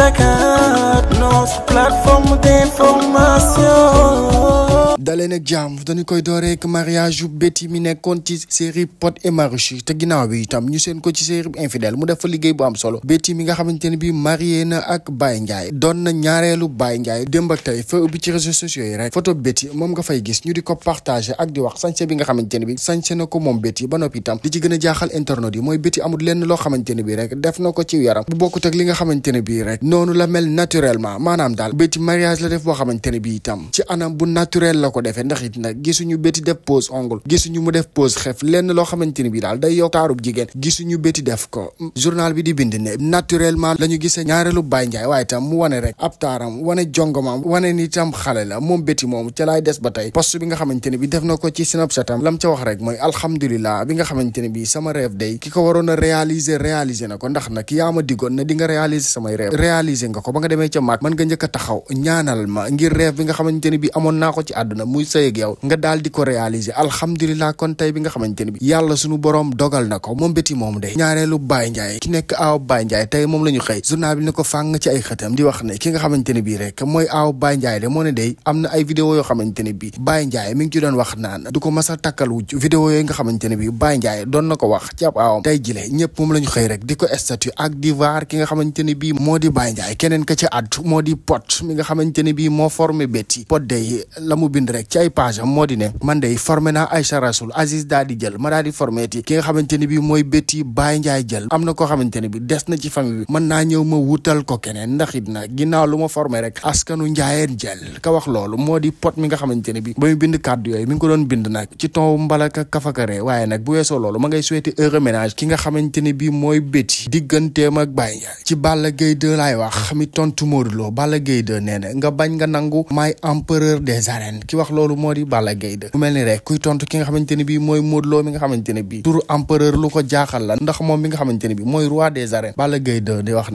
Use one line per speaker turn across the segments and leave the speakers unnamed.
Dakar, notre plateforme d'information. koy door ak mariage yu Betty mi nekkoon ci série pot et Marichou te ginnaaw bi itam ñu seen ko ci série infidèle mu def fa liggéey bu am solo Betty mi nga xamante ne bii marié na ak Baye Ndiaye doon na ñaareelu baay Ndiaye démb ak tey fa ci réseaux sociaux yi rek photo Betty moom nga fay gis ñu di ko partagé ak di wax sañse bi nga xamante ne bi sañse na ko moom Betty ba noppi itam li ci gën a jaaxal internet yi mooy Betty amul lenn loo xamante ne bii rek def na ko ci yaram bu bokkut ak li nga xamante ne bii rek noonu la mel naturellement maanaam daal béti mariage la def boo xamante ne bi itam ci anam bu naturel la ko defee ndax it nag gisuñu béti def pose ongle gisuñu mu def pose xef lenn loo xamante ne bi daal day yokk jigéen gisuñu béti def ko journal bi di bind ne naturellement la ñu gisee ñaareelu Baye Ndiaye waaye itam mu wane rek ab taaram wane jongomam wane ni itam xale la moom béti moomu ca laay des ba tey post bi nga xamante ne bi def na ko ci Snapchatam lam ca wax rek mooy alhamdulilah bi nga xamante ne bi sama rêve day ki ko waroon a réaliser na ko ndax nag yaa ma digoon na di nga samay rêve réaliser nga ko ba nga demee ca maag mën nga njëkk a taxaw ñaanal ma ngir rêve bi nga xamante ne bi amoon naa ci àdduna muy sëy ak yow nga daal di ko réaliser kon tey bi nga xamante ne bi na ko moom béti moom day ñaareelu Baye Ndiaye ki nekk aaw Baye Ndiaye tey moom la ñu xëy journal bi ne di wax ne ki nga xamante ne bii rek mooy aaw Baye Ndiaye de moo ne am na ay vidéo yoo xamante ne bi Baye Ndiaye doon a takkal wujj vidéo na ko wax ci ab aawam tey jile ñëpp moom la ñu xëy rek di ko statut ak di waar ki nga xamante ne bii moo di Baye Ndiaye keneen ka ci àddu moo di pot mi ne bii moo formé bétti pot ay page moo di ne man day formé naa Aïcha Rasoul Aziz daa di jël ma daa di formé ti ki nga xamante ne bii mooy bétti Baye Ndiaye jël am na koo xamante ne bi des na ci famille bi mën naa ñëw ma wutal ko keneen ndax it na ginnaaw lu ma formé rek askanu njaayeen jël ka loolu moo di pot mi nga xamante ne bi mooy mu bind kàddu mi ngi ko doon bind nag ci ton mbalaka kafakaree waaye nag bu weesoo loolu ma ngay souhaité heureux ménage ki nga xamante ne bi mooy bétti digganteem ak Baye ci Balla Gaye 2 laay wax mi tontu Modou Lo Balla Gaye 2 nga bañ nga nangu maay empereur des arènes ki wax loolu moo di Balla Gaye 2 mu mel la ndax moom mi nga xamante ne bii mooy roi des arènes Balla Gaye 2 di wax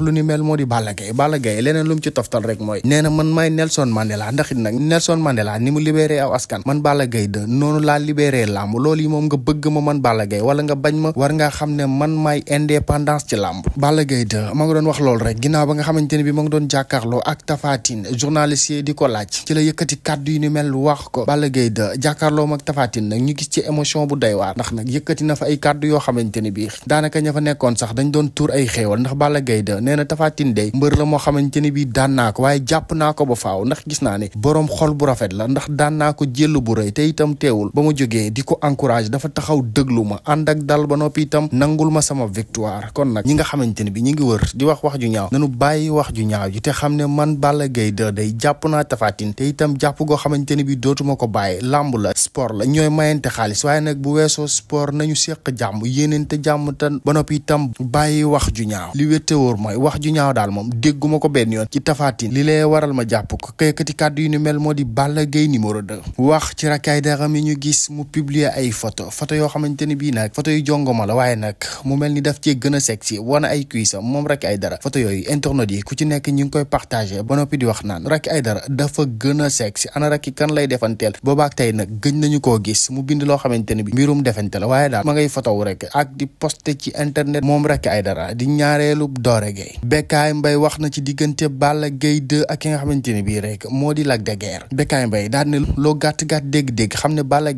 ne nga ci toftal rek mooy nee man maay Nelson Mandela ndax nag Nelson Mandela ni mu libéré aw askan man Balla Gaye 2 noonu laa libéré làmb loolu yi moom nga bëgg ma man Balla Gaye wala nga bañ ma war nga xam ne man maay indépendance ci làmb Balla Gaye de ma nga doon wax loolu rek ginnaaw ba nga xamante ne bi ma nga doon jàkkaarloo ak Tafatine journaliste yi di ko laaj ci la yëkkati kàddu yu ni mel wax ko Balla Gaye de jàkkaarloo mag Tafatine nag ñu gis ci émotion bu doy waar ndax nag yëkkati na fa ay kàddu yoo xamante ne bii daanaka ña fa nekkoon sax dañ doon tuur ay xéewal ndax Balla Gaye nee na Tafatine day mbër la moo xamante ne bii daan naa ko waaye jàpp naa ko ba faaw ndax gis naa ne boroom xol bu rafet la ndax daan naa ko jël bu rëy te itam teewul ba ma jógee di ko encouragé dafa taxaw dëglu ma ànd ak dal ba noppi itam nangul ma sama victoire kon nag ñi nga xamante ne bi ñi ngi wër di wax wax ju ñaaw nanu bàyyi wax ju ñaaw ji te xam ne man Balla Gaye 2 day jàpp naa tafaatin te itam jàpp goo xamante ne bi dootuma ko bàyyi làmb la sport la ñooy mayante xaalis waaye nag bu weesoo sport nañu seq jàmm yéeneente jàmm tan ba noppi itam bàyyi wax ju ñaaw li wette mooy wax ju ñaaw daal moom dégguma ko benn yoon ci tafaatin li lay waral ma jàpp ko këykati kàddu yi ni mel moo di Balla Gaye numéro 2 wax ci rakkaay daxam yi ñu gis mu publier ay photo photo yoo xamante ni bii nag photo yu jongoma la waaye nag mu mel ni daf cee gën a sexy wane ay cuissam moom Racky Aïdara photo yooyu internet yi ku ci nekk ñu ngi koy partagé ba noppi di wax dafa gën a sexy ana Racky kan lay defanteel boobaak tey nag gëj nañu koo gis mu bind loo xamante bi mbirum defante la waaye daal ma ngay photow rek ak di poste ci internet moom ay dara di ñaareelu Doro Gaye Bécaye Mbaye wax na ci diggante Balla Gaye 2 ak ki nga xamante ni bii rek moo di Lac de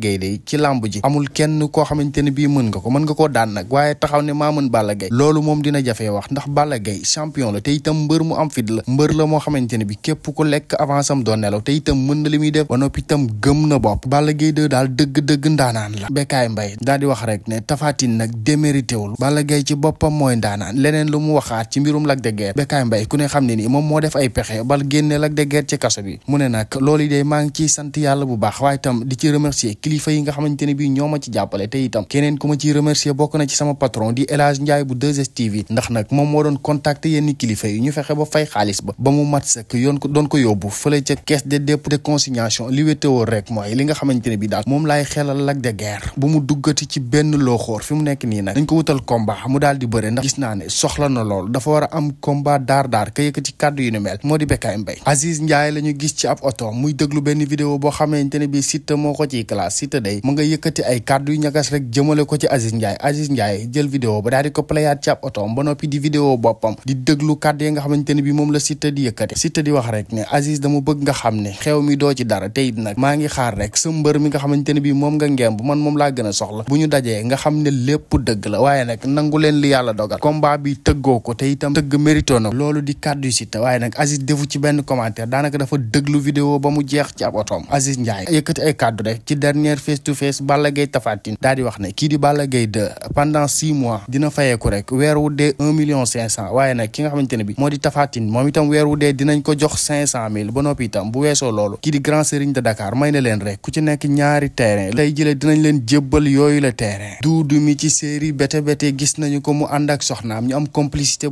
Guiers Gueye day ci làmb ji amul kenn koo xamante koo daan nag waaye taxaw ne maa mën Balla Gaye loolu moom dina jafee la te la mbër la moo ne bi képp ku lekk avance am doon nelaw te itam mën na li muy def ba noppi itam na daal dëgg-dëgg ndaanaan la Bécaye Mbaye daal di wax rek ne Tapha Tine nag démérité wul Balla Gaye ci boppam mooy ndaanaan leneen lu mu waxaat ci mbirum Lac de Guiers Bécaye Mbaye ku ne xam ne ni moom moo def ay pexe bal génne Lac de Guiers ci kaso bi mu ne nag loolu day maa ngi ciy sant yàlla bu baax waaye itam di ci remercier kilifa yi nga xamante ne bii ñoo ma ci jàppale te itam keneen ku ma ciy remercier bokk na ci sama patron di El Hadj Ndiaye bu 2 ndax nag moom moo doon contacter yenn kilifa yi ñu fexe ba fay xaalis ba ba mu mat sëkk ko doon ko yóbbu fële ca caisse de dépôt de consignation li wétéwoor rek mooy li nga xamante ne bi daal moom laay xelal lak de bu mu duggati ci benn looxoor fi mu nekk nii nag dañ ko wutal combat mu daal di bëre ndax gis naa ne soxla na lool dafa war a am combat daar daar ka yëkkati kàddu yu ni mel moo di Bécaye Mbaye Aziz Ndiaye la ñu gis ci ab oto muy déglu benn vidéo boo xamante ne bi Siteu moo ko ciy classe Siteu day mu nga yëkkati ay kàddu yu ñagas rek jëmale ko ci Aziz Ndiaye Aziz Ndiaye jël vidéo ba daal di ko playaat ci ab otoom ba noppi di vidéo boppam di déglu kàddu nga xamante ne bi moom la Siteu di di wax rek ne Aziz dama bëgg nga xam ne xew mi doo ci dara te it nag maa ngi xaar rek sa mbër mi nga xamante ne bi moom nga ngemb man moom laa gën a soxla bu ñu dajee nga xam ne lépp dëgg la waaye nangu leen li yàlla dogal combat bi tëggoo ko te itam tëgg mérito na loolu di kàddu yu Siteu waaye nag Aziz defu ci benn commentaire daanaka dafa déglu vidéo ba mu jeex ci ab otoom Aziz Ndiaye yëkkati ay kàddu rek dernier face to face Balla Gaye Tapha Tine wax ne kii di Balla Gaye 2 pendant six mois dina fayeeku rek weer wu dee un million cinq cent waaye nag ki nga xamante ne bi moo di Tapha Tine moom itam weer wu dee dinañ ko jox cinq cent mille ba noppi itam bu weesoo loolu kii di Grand Serigne de Dakar may na leen rek ku ci nekk ñaari terrain tey jëlee dinañ leen jébbal yooyu la terrain duudu mi ci série bété bété gis nañu ko mu ànd ak soxnaam ñu am complicité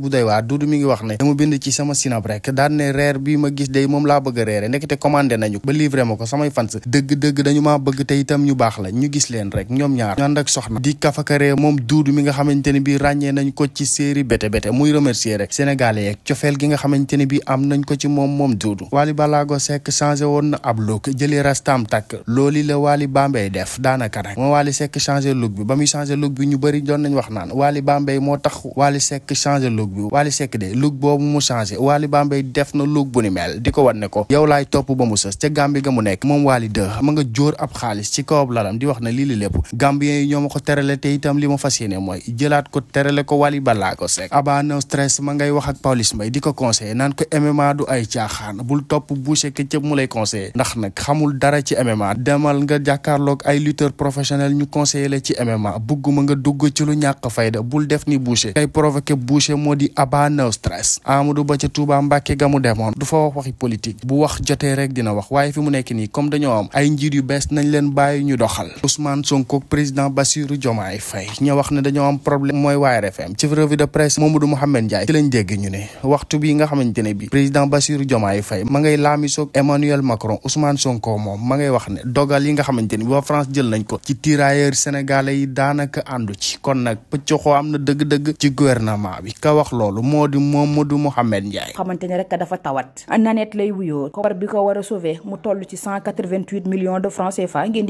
itam ñu baax la ñu gis leen rek ñoom ñaar ñu ànd ak soxna di kafakaree moom duudu mi nga xamante ne bi ràññee nañ ko ci série bété bété muy remercier rek sénégalais yeeg cofeel gi nga xamante ne bi am nañ ko ci moom moom duudu Wally Ballago Seck changé woon na ab look jëlee rastam takk la def daanaka nag moom Wally Seck changé look bi ba muy changé look bi ñu bëri doon nañ wax naan Wally Bambey moo tax Wally Seck changé look bi Wally Seck de look boobu mu changé Wally Bambey def na look bu ni mel di ko wan ne ko yow laay topp ba mu sës ca Gàmbi ga mu nekk moom Wally de ma nga jóor ab xaalis gis ci kawab lalam di wax na lii li lépp gambien yi ñoo ma ko terale te itam li ma fas yéene mooy jëlaat ko terale ko Wally Ballago Seck Aba No Stress ma ngay wax ak Pawlish Mbaye di ko conseillé naan ko MMA du bul topp boucher këccëb mu lay conseillé ndax nag xamul dara ci MMA demal nga jàkkaarloog ay lutteur professionnel ñu conseillé la ci MMA bugguma nga dugg ci lu ñàkk fayda bul def ni boucher kay provoqué boucher moo di Aba No Stress Amadou Ba ca Touba Mbàkke ga mu demoon du fa wax waxi politique bu wax jotee rek dina wax waaye fi mu nekk nii comme dañoo am ay njiit yu bees nañ bàyyi ñu doxal Ousmane Sonko président Bassirou Diomaye Faye ña wax ne dañoo am problème mooy waa RFM ci revue de presse Mamadou Mouhamed Ndiaye ci lañ dégg ñu ne waxtu bi nga xamante ne ma ngay laamisoog Emmanuel Macron ma ngay wax ne dogal yi nga xamante ne bi waa France jël nañ ko ci tirailleurs sénégalais yi daanaka àndu ci kon nag pëccoxoo am na dëgg-dëgg ci gouvernement bi ka wax loolu moo di Mamadou Mouhamed Ndiaye xamante ne rek dafa tawat nanet lay wuyoo koppar bi ko war a sauver mu toll ci cent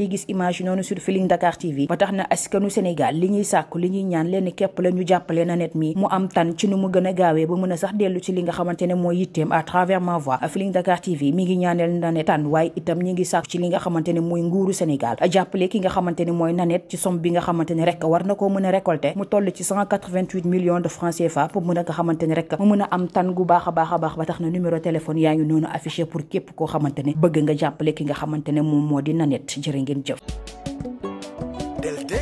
de di gis image sur Feeling Dakar TV ba tax na askanu Sénégal li ñuy sàkku li ñuy ñaan leen képp la ñu jàppale Nanette mi mu am tan ci nu mu gën a gaawee ba mën a sax dellu ci li nga xamante mooy nguuru Sénégal jàppale ki nga xamante mooy Nanette ci somme bi nga xamante rek war na koo mën a récolter mu toll ci 188 de francs CFA pour mën a nga xamante rek mu mën a am tan gu baax baax baax ba tax na numéro téléphone yaa noonu affiché ngeen jëf.